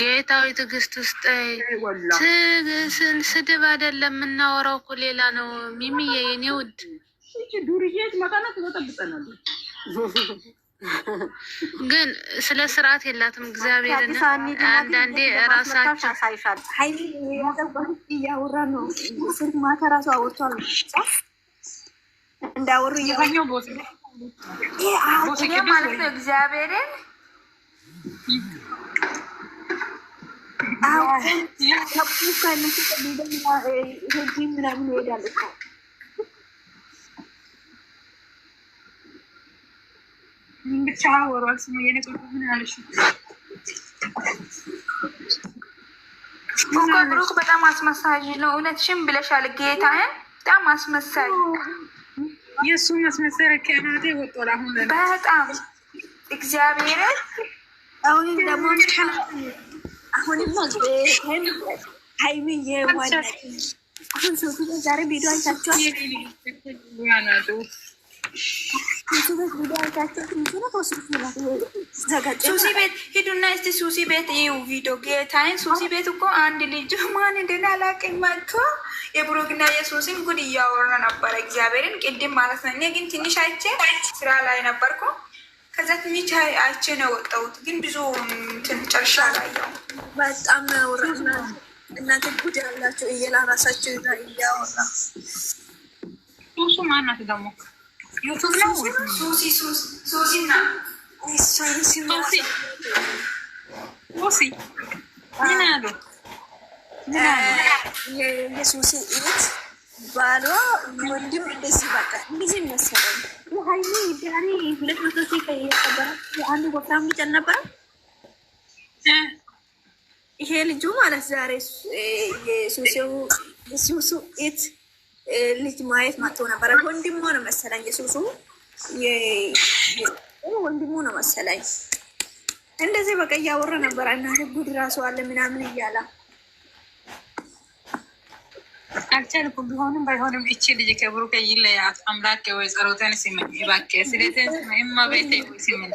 ጌታዊ ትዕግስት ውስጥ ስድብ አይደለም የምናወራው እኮ ሌላ ነው። ሚሚዬ የኔ ውድ ግን ስለ ስርዓት የላትም። እግዚአብሔርን አንዳንዴ ራሳቸው እያወራ ነው። ማታ ራሱ አውርቷል እንዳወሩ እያኛው ማለት ነው እግዚአብሔርን ምናምን ብሩክ በጣም አስመሳጅ ነው። እውነትሽን ብለሻል። ጌታን በጣም አስመሳጅ የእሱ ማስመሰሪያ ከናቴ ወጥቷል። አሁን በጣም እግዚአብሔርን አሁንም ደግሞ አሁንም ሀይሚዬ አሁን ሰው ዛሬ ቪዲዮ አይታችኋል። ሱሲ ቤት ሂዱና እስቲ ሱሲ ቤት ይዩ ቪዲዮ ጌታዬን። ሱሲ ቤት እኮ አንድ ልጅ ማን እንደሆነ አላውቅም መጥቶ የብሩክና የሱሲን ጉድ እያወራ ነበረ። እግዚአብሔርን ቅድም ማለት ነው። እኔ ግን ትንሽ አይቼ ስራ ላይ ነበርኩ። ከዛ ትንሽ አይቼ ነው የወጣሁት፣ ግን ብዙ ጨርሻ በጣም ነውረት እናንተ ጉድ ያላቸው እየላ ራሳቸው እያወራ ሱሱ ማናት ደግሞ ዩቱብ ነው ሱሲ ሱሲና ሱሲ ምን አሉ የሱሲ ባሏ ወንድም እንደዚህ በቃ እንደዚህ ሀይሚ ዳኒ ሁለት መቶ ሺህ ከነበረ አንድ ወፍራም ልጅ አልነበረ ይሄ ልጁ ማለት ዛሬ የሱሱ ኢት ልጅ ማየት ማጥቶ ነበረ። ወንድሞ ነው መሰለኝ፣ የሱሱ ወንድሞ ነው መሰለኝ። እንደዚህ በቃ እያወራ ነበረ። እናት ጉድ ራሱ አለ ምናምን እያላ አክቸር እኮ ቢሆንም ባይሆንም እቺ ልጅ ከብሩኬ ይለያት። አምላክ ወይ ጸሎተን ሲመኝ እባክህ ስለቴን ሲመኝ እማቤቴ ሲመኝ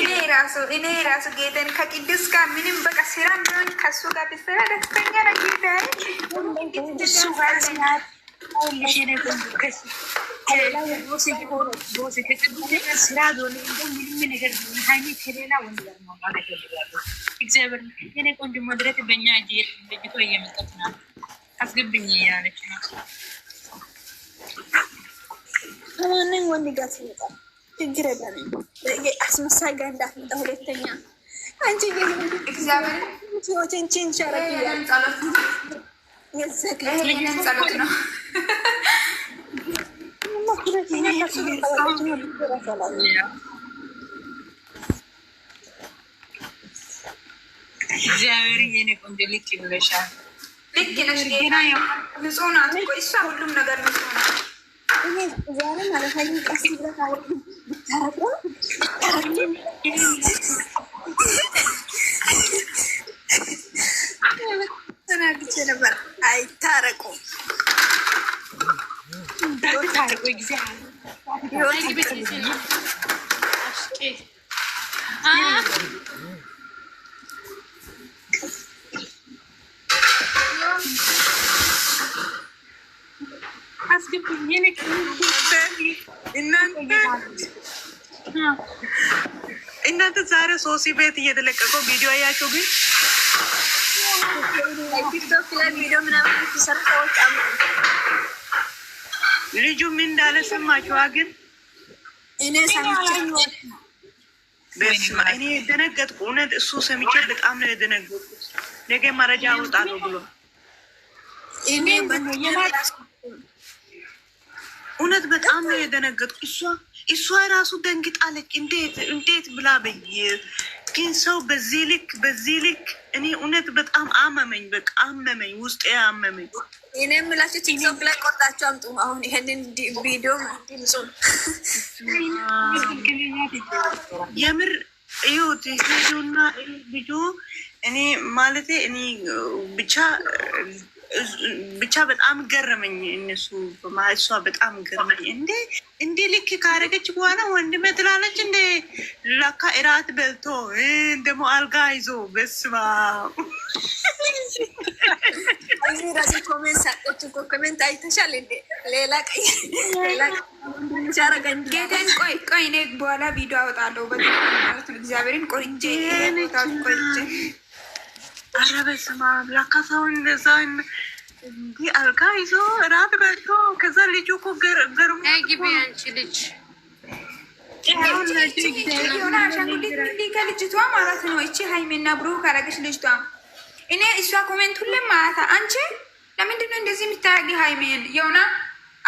እኔ ራሱ እኔ ራሱ ጌተን ከቅዱስ ጋር ምንም በቃ ስራ ቢሆን ከሱ ጋር ብሰራ ደስተኛ ነው። ጌታ እሱ ጋር ሲናት እግዚአብሔር የኔ ቆንጆ መድረክ በእኛ እጅ ልጅቷ እየመጣች ናት። አስገብኝ ያለች ነው። ማንም ወንድ ጋር ሲመጣ ችግር የለም። አስመሳይ ጋር እንዳትመጣ ሁለተኛ። አንቺ እግዚአብሔር የኔ ቆንጆ ልክ ይብለሻል። ልክ ነሽ ጌታ ንጹህ ናት እኮ እሷ ሁሉም ነገር ንጹህ ናት። ዛሬ ማለት ቀስ ብለህ እናንተ ዛሬ ሶሲ ቤት እየተለቀቀው ቪዲዮ አያቸው ግን ልጁ ምን እንዳለ ሰማችኋ? ግን እኔ እኔ የደነገጥኩ እውነት እሱ ሰምቼ በጣም ነው የደነገጥኩ። ነገ መረጃ አወጣለሁ ብሎ እውነት በጣም ነው የደነገጥኩ። እሷ እሷ ራሱ ደንግጣለች። እንዴት እንዴት ብላ በይ ግን ሰው በዚህ ልክ በዚህ ልክ እኔ እውነት በጣም አመመኝ። በቃ አመመኝ፣ ውስጤ አመመኝ። እኔ የምላችሁ ቲክቶክ ላይ ቆርጣቸው አምጡ። አሁን ይህንን ቪዲዮ የምር ይሁት ሄዱና ልጁ እኔ ማለቴ እኔ ብቻ ብቻ በጣም ገረመኝ። እነሱ እሷ በጣም ገረመኝ። እንዴ እንዴ ልክ ካረገች በኋላ ወንድሜ ትላለች። እንደ ላካ እራት በልቶ ደግሞ አልጋ ይዞ በስማ ኮሜንት አይተሻል። ሌላ ጌታን ቆይ ቆይ፣ እኔ በኋላ ቪዲዮ አወጣለሁ። በ ማለት ነው እግዚአብሔርን ቆርጬ ቆርጬ ኧረ በስመ አብ ለካ ሰው እንደዛ እንዲህ አልጋ ይዞ እራት በልቶ ከዛ ልጁ እኮ ገርሞ ግቢ አንቺ ልጅ ሆነ ከልጅቷ ማለት ነው። እቺ ሀይሜና ብሩ ካረገች ልጅቷ እኔ እሷ ኮሜንት ሁሌም ማለት አንቺ ለምንድነው እንደዚህ የምታያጊ ሀይሜን የሆነ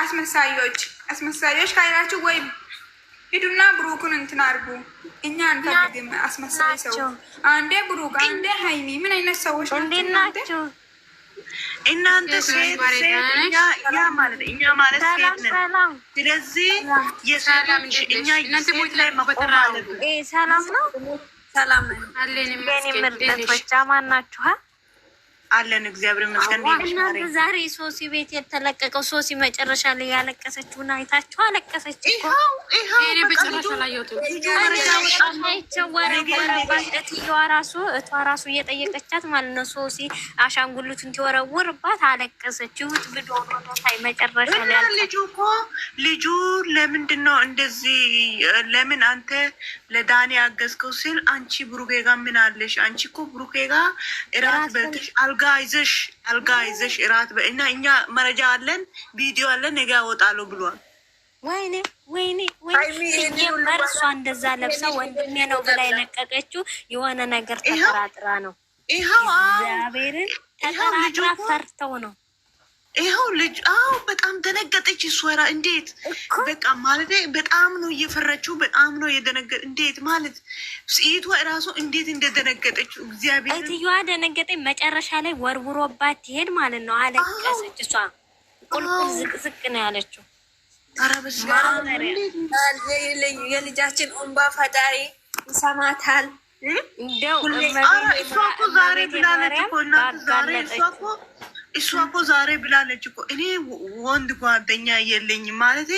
አስመሳዮች አስመሳዮች ካይራችሁ ወይም ሂዱና ብሩክን እንትን አርጉ። እኛ አንፈልግም አስመሳይ ሰው። አንዴ ብሩክ፣ አንዴ ሀይሚ። ምን አይነት ሰዎች ናቸው እናንተ? ሴት ያ ማለት እኛ ማለት ሴት ነን። ስለዚህ የሴቶች እኛ እናንተ ሞት ላይ መቆም አለብን። ሰላም ነው። ሰላም ነን። ምርጥ ብቻ ማን ናችኋል? አለን እግዚአብሔር ይመስገን። እናንተ ዛሬ ሶሲ ቤት የተለቀቀው ሶሲ መጨረሻ ላይ ያለቀሰችውን አይታችሁ አለቀሰች። እትየዋ ራሱ እቷ ራሱ እየጠየቀቻት ማለት ነው። ሶሲ አሻንጉሊቱን ትወረውርባት አለቀሰች። ይሁት ብዶ ታይ መጨረሻ ላይ ልጁ እኮ ልጁ ለምንድን ነው እንደዚህ? ለምን አንተ ለዳኒ አገዝከው ሲል አንቺ ብሩኬ ጋ ምን አለሽ? አንቺ እኮ ብሩኬ ጋ እራት በልተሽ አልጋ አልጋ ይዘሽ አልጋ ይዘሽ እራት እና እኛ መረጃ አለን፣ ቪዲዮ አለን፣ ነገ ያወጣሉ ብሏል። ወይኔ ወይኔ ወይኔ እርሷ እንደዛ ለብሳ ወንድሜ ነው ብላ የለቀቀችው የሆነ ነገር ተጠራጥራ ነው። ይኸው እግዚአብሔርን ተጠራጥራ ፈርተው ነው ይኸው ልጅ አዎ፣ በጣም ደነገጠች። እሷራ እንዴት በቃ ማለት በጣም ነው እየፈረችው፣ በጣም ነው የደነገ እንዴት ማለት ስኢቷ እራሱ እንዴት እንደደነገጠች እግዚአብሔር እትዮዋ ደነገጠች። መጨረሻ ላይ ወርውሮባት ይሄድ ማለት ነው። አለቀሰች። እሷ ቁልቁል ዝቅዝቅ ነው ያለችው። የልጃችን እንባ ፈጣሪ ይሰማታል። እንደው እሷ እኮ ዛሬ ብላለች እኮ እናት ዛሬ እሷ እኮ እሷ እኮ ዛሬ ብላለች እኮ እኔ ወንድ ጓደኛ የለኝ ማለት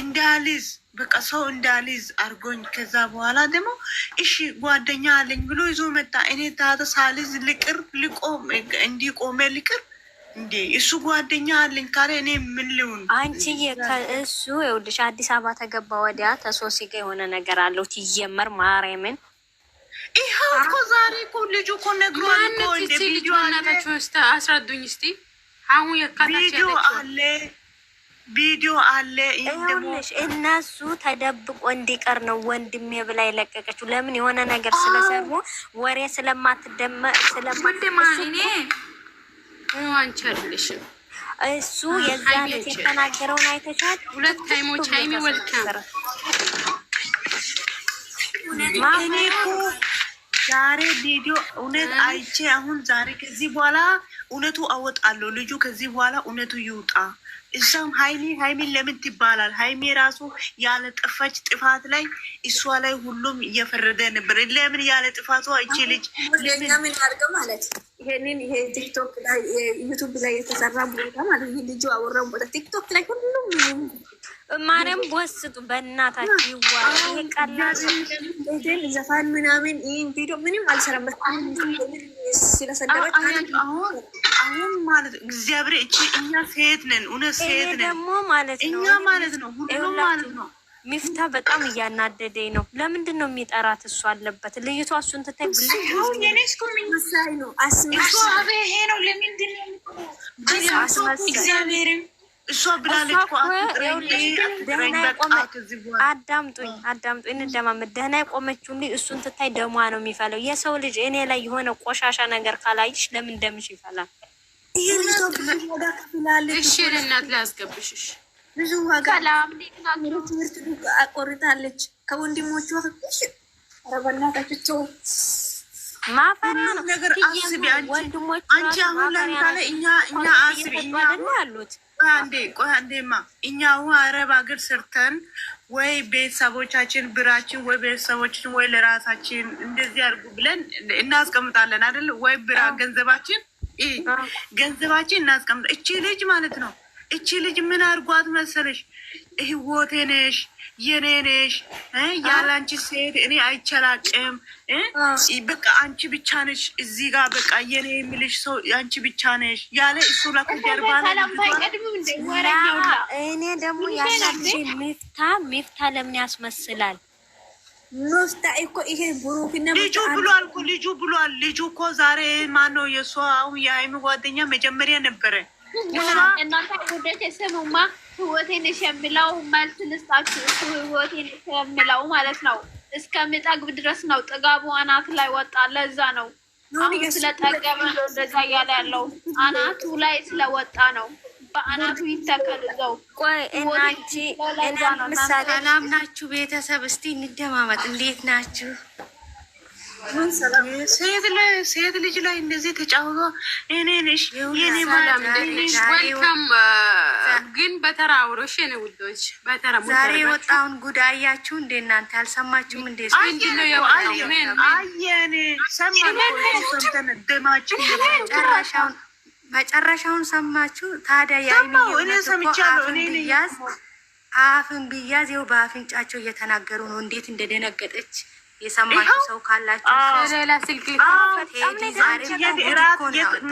እንዳልዝ በቃ ሰው እንዳልዝ አርጎኝ። ከዛ በኋላ ደግሞ እሺ ጓደኛ አለኝ ብሎ ይዞ መጣ። እኔ ታተ ሳልዝ ልቅር ልቆም እንዲቆመ ልቅር እንዴ? እሱ ጓደኛ አለኝ ካለ እኔ ምን ልሁን? አንቺዬ ከእሱ ይኸውልሽ፣ አዲስ አበባ ተገባ ወዲያ ተሶሲ ጋ የሆነ ነገር አለው ትየመር ማርያምን ይኸው እኮ ዛሬ እኮ ልጁ እኮ ነግሮ እኮ እንደ ቪዲዮ እስኪ አስረዱኝ። እስኪ አሁን ቪዲዮ አለ ቪዲዮ አለ። ይሁንሽ። እነሱ ተደብቆ እንዲቀር ነው ወንድሜ ብላ የለቀቀችው። ለምን የሆነ ነገር ስለሰሩ ወሬ ስለማትደመ ስለማትደማ እኔ አንቸልሽ እሱ የዛን የተናገረውን አይተሻት ሁለት ታይሞች ሃይሚ ወልካም ዛሬ ቪዲዮ እውነት አይቼ አሁን ዛሬ ከዚህ በኋላ እውነቱ አወጣለሁ። ልጁ ከዚህ በኋላ እውነቱ ይውጣ። እሷም ሀይሚ ሀይሚን ለምን ትባላል? ሀይሚ ራሱ ያለ ጥፋች ጥፋት ላይ እሷ ላይ ሁሉም እየፈረደ ነበር። ለምን ያለ ጥፋቱ እቺ ልጅ ለምን አድርገ ማለት ይሄንን ይሄ ቲክቶክ ላይ ዩቱብ ላይ የተሰራ ቦታ ማለት ይህ ልጁ አወራውን ቦታ ቲክቶክ ላይ ሁሉም ማንም ወስጡ በእናታችሁ ይዋ ይሄ ቀላል ዘፋን ምናምን ይህን ቪዲዮ ምንም አልሰራበት ስለሰደበች አሁን ማለት እግዚአብሔር እቺ እኛ ሴት ነን፣ እውነት ሴት ነን ደግሞ ማለት ነው። እኛ ማለት ነው፣ ሁሉም ማለት ነው። ሚፍታ በጣም እያናደደኝ ነው። ለምንድን ነው የሚጠራት? እሱ አለበት ልይቷ እሱን ትታይ ነው እሷ ብላለች እኮ እንደማመድ ደህና የቆመችው እሱን ትታይ ደሟ ነው የሚፈለው። የሰው ልጅ እኔ ላይ የሆነ ቆሻሻ ነገር ካላይሽ ለምን ደምሽ ይፈላል? እሺ እናት ላያስገብሽሽ ብዙ ዋጋ ትምህርት አቆርጣለች ከወንድሞቹ ማፈራ ነው አስቢ አንቺ አሁን እኛ እኛ አስቢ እኛ አንዴ ቆይ አንዴማ እኛ አሁን አረብ ሀገር ስርተን ወይ ቤተሰቦቻችን ብራችን ወይ ቤተሰቦችን ወይ ለራሳችን እንደዚህ አድርጉ ብለን እናስቀምጣለን አይደል? ወይ ብራ ገንዘባችን ገንዘባችን እናስቀምጣ። እቺ ልጅ ማለት ነው እቺ ልጅ ምን አድርጓት መሰለሽ? ህይወቴ ነሽ የኔ ነሽ ያለ አንቺ ሴት እኔ አይቻላቅም። በቃ አንቺ ብቻ ነሽ እዚህ ጋር በቃ የኔ የሚልሽ ሰው አንቺ ብቻ ነሽ ያለ እሱ ላከጀርባ እኔ ደግሞ ያላንቺ ሚፍታ ሚፍታ ለምን ያስመስላል? ኖስታ እኮ ይሄ ብሩክና ልጁ ብሏል እኮ ልጁ ብሏል። ልጁ እኮ ዛሬ ማነው የእሷ አሁን የሀይሚ ጓደኛ መጀመሪያ ነበረ እናንተ ጉዳይ ስሙማ ህይወቴን እሸምላው መልስ ልስጣችሁ። እሱ ህይወቴን እሸምላው ማለት ነው። እስከምጠግብ ድረስ ነው። ጥጋቡ አናት ላይ ወጣ። ለዛ ነው አሁን ስለጠገበ እንደዛ እያለ ያለው አናቱ ላይ ስለወጣ ነው። በአናቱ ይተከል ዘው ቆይ ቤተሰብ እስቲ እንደማመጥ እንዴት ናችሁ? ሴት ልጅ ላይ እንደዚህ ተጫውቶ እኔ ነሽ የኔ ወልካም ግን በተራ አውሮሽ የኔ ውዶች በተራ ዛሬ የወጣውን ጉዳይ አያችሁ እንዴ እናንተ አልሰማችሁም እንዴ መጨረሻውን ሰማችሁ ታዲያ ያዝ አፍን ብያዝ ይኸው በአፍንጫቸው እየተናገሩ ነው እንዴት እንደደነገጠች የሰማችሁ ሰው ካላችሁ ሌላ ስልክ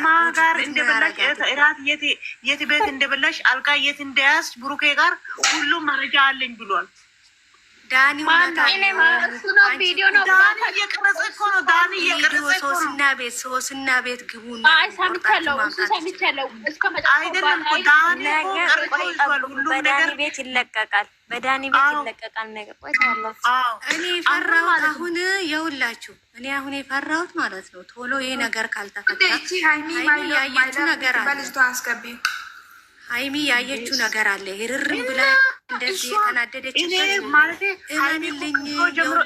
ማጋር እንደበላሽ የት ቤት እንደበላሽ አልጋ የት ብሩኬ ጋር ሁሉም መረጃ አለኝ ብሏል። ዳኒ ሶስና ቤት ሶስና ቤት ግቡ። በዳኒ ቤት ይለቀቃል። በዳኒ ቤት ይለቀቃል። ነገር እኔ የፈራሁት አሁን የውላችሁ እኔ አሁን የፈራሁት ማለት ነው ቶሎ ይህ ነገር ካልተፈታ ያየችው ነገር አለ። ሀይሚ ያየችው ነገር አለ። ይርርም ብላ እንደዚህ የተናደደች ማለት ጀምሮ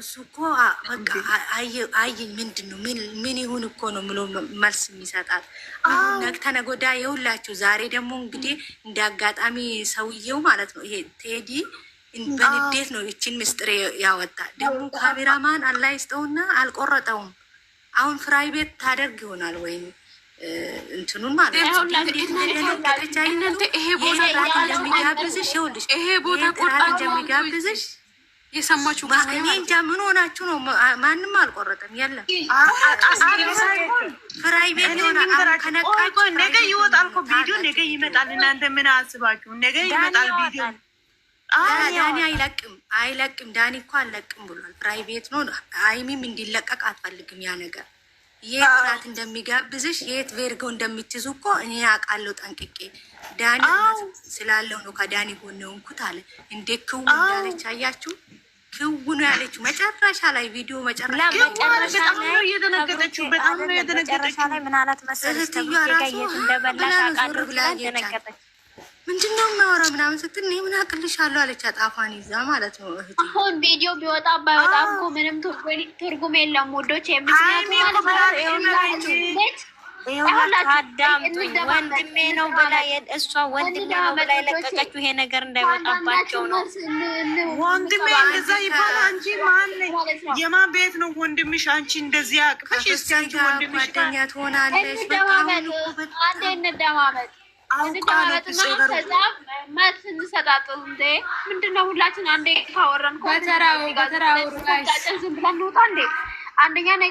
እሱ እኮ አየኝ። ምንድን ነው ምን ይሁን እኮ ነው ብሎ መልስ የሚሰጣት ተነገ ወዲያ የሁላችሁ። ዛሬ ደግሞ እንግዲህ እንደ አጋጣሚ ሰውየው ማለት ነው ይሄ ቴዲ በንዴት ነው ይችን ምስጢር ያወጣ። ደግሞ ካሜራማን አላይስጠውና አልቆረጠውም። አሁን ፍራይ ቤት ታደርግ ይሆናል ወይም እንትኑን ማለት ይሄ ቦታ ቦታ የሰማችሁ እኔ እንጃ ምን ሆናችሁ ነው? ማንም አልቆረጠም። የለም ፍራይ ከነቃችሁ ነገ ይወጣል እኮ ቪዲዮ፣ ነገ ይመጣል። እናንተ ምን አስባችሁ? ነገ ይመጣል ቪዲዮ። ዳኒ አይለቅም አይለቅም። ዳኒ እኮ አልለቅም ብሏል። ፕራይቬት ነው። አይሚም እንዲለቀቅ አትፈልግም ያ ነገር የት ራት እንደሚጋብዝሽ የት ቬርጎ እንደምትይዙ እኮ እኔ አውቃለሁ ጠንቅቄ። ዳኒ ስላለው ነው ከዳኒ ጎን ሆንኩት አለ። እንዴ ክው እንዳለች አያችሁ? ክው ነው ያለችው መጨረሻ ላይ ቪዲዮ መጨረሻ ላይ በጣም ነው እየደነገጠችው። በጣም መሰለሽ? ተብዬ ጋር እንደበላሽ አውቃለሁ ብላ ደነገጠች። ምንድን ነው ምናምን ስትል እኔ ምን አቅልሻለሁ አለች። አጣፏን ይዛ ማለት ነው። አሁን ቪዲዮ ቢወጣ ባይወጣ እኮ ምንም ትርጉም የለም ውዶች። ወንድሜ ነው ብላ እሷ ወንድሜ ነው ብላ የለቀቀችው ይሄ ነገር እንዳይወጣባቸው ነው። ወንድሜ እንደዛ ይባል። አንቺ ማን የማን ቤት ነው ወንድምሽ? አንቺ እንደዚህ አቅፈሽ አንቺ ወንድምሽ ሆናለች። እንደማመጥ አንዴ እንደማመጥ አንደኛ